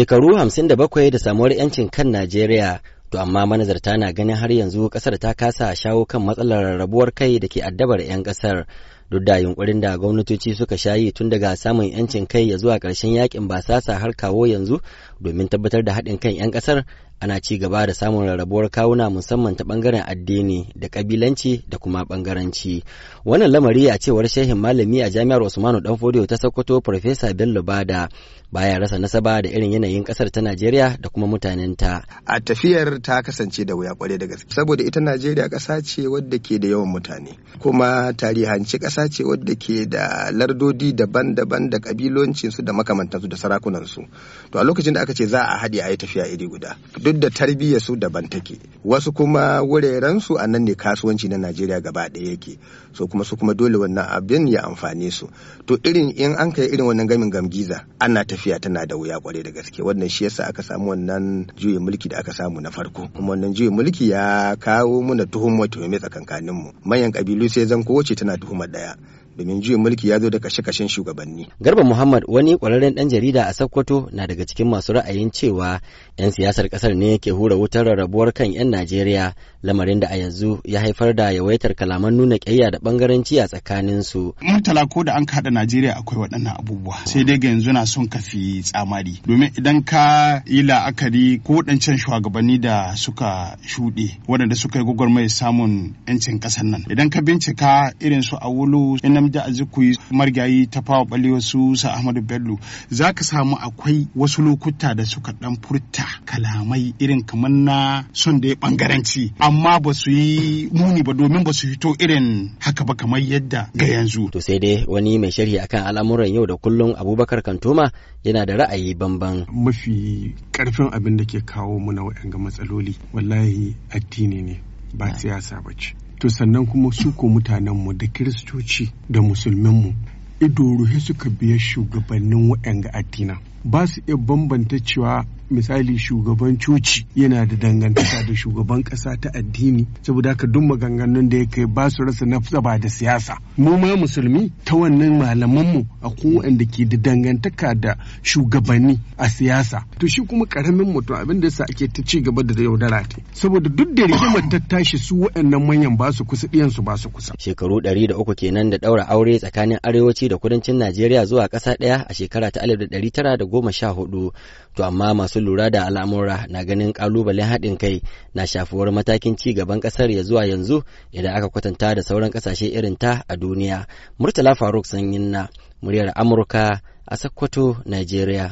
Shekaru hamsin da bakwai da samuwar 'yancin kan Najeriya, to amma manazarta na ganin har yanzu kasar ta kasa shawo kan matsalar rabuwar kai da ke addabar 'yan kasar duk da yunkurin da gwamnatoci suka shayi tun daga samun yancin kai ya zuwa ƙarshen yakin basasa har kawo yanzu domin tabbatar da haɗin kan 'yan ƙasar ana ci gaba da samun rarrabuwar kawuna musamman ta ɓangaren addini da ƙabilanci da kuma ɓangaranci wannan lamari a cewar shehin malami a jami'ar usmanu danfodiyo ta sokoto farfesa bello bada baya rasa nasaba da irin yanayin ƙasar ta najeriya da kuma mutanenta a tafiyar ta kasance da wuya kwarai da gaske saboda ita najeriya ƙasa ce wadda ke da yawan mutane kuma tarihanci ƙasa ƙasa ce wadda ke da lardodi daban-daban da ƙabilancinsu da makamantansu da sarakunansu to a lokacin da aka ce za a haɗe a yi tafiya iri guda duk da tarbiyyarsu daban take wasu kuma wurarensu a nan ne kasuwanci na najeriya gaba ɗaya yake so kuma su kuma dole wannan abin ya amfane su to irin in an kai irin wannan gamin gamgiza ana tafiya tana da wuya kwarai da gaske wannan shi yasa aka samu wannan juyin mulki da aka samu na farko kuma wannan juyin mulki ya kawo muna tuhumar tuhume tsakankaninmu manyan ƙabilu sai zan kowace tana tuhumar ɗaya that domin juyin mulki ya zo da kashe-kashen shugabanni. Garba Muhammad wani kwararren ɗan jarida a Sokoto na daga cikin masu ra'ayin cewa 'yan siyasar ƙasar ne ke hura wutar rarrabuwar kan 'yan Najeriya lamarin da a yanzu ya haifar da yawaitar kalaman nuna ƙiyayya da bangaranci a tsakanin su. Murtala ko da an kaɗa Najeriya akwai waɗannan abubuwa sai dai ga yanzu na son kafi tsamari domin idan ka yi la'akari ko waɗancan shugabanni da suka shuɗe waɗanda suka yi gwagwarmaya samun 'yancin ƙasar nan idan ka bincika irin su a ina namdi azikui margayi ta fawa bali wasu sa ahmadu bello za ka samu akwai wasu lokuta da suka ɗan furta kalamai irin kamar na son da ya bangaranci amma ba su yi muni ba domin ba su fito irin haka ba kamar yadda ga yanzu to sai dai wani mai sharhi akan al'amuran yau da kullum abubakar kantoma yana da ra'ayi banban. mafi karfin abin da ke kawo muna wa'yan matsaloli wallahi addini ne ba siyasa ba ce to sannan kuma su ko mutanenmu da kiristoci da musulminmu ido ruhe suka biya shugabannin waɗanga addina ba su iya bambanta cewa misali shugaban coci yana da dangantaka da shugaban kasa ta addini saboda haka duk maganganun da ya kai ba su rasa ba da siyasa mu ma musulmi ta wannan malamanmu a da ke da dangantaka da shugabanni a siyasa to shi kuma karamin mutum abin da sa ake ta ci gaba da yaudara ta saboda duk da rigimar ta tashi su wa'annan manyan ba su kusa ɗiyan su ba su kusa shekaru ɗari da uku kenan da ɗaura aure tsakanin arewaci da kudancin Najeriya zuwa ƙasa ɗaya a shekara ta alif da ɗari tara da goma sha hudu to amma masu masu lura da al'amura na ganin kalubalen haɗin kai na shafuwar matakin ci gaban ƙasar ya zuwa yanzu idan aka kwatanta da sauran ƙasashe irin ta a duniya. Murtala Faruk Sanyin na muryar Amurka a Sokoto, Najeriya.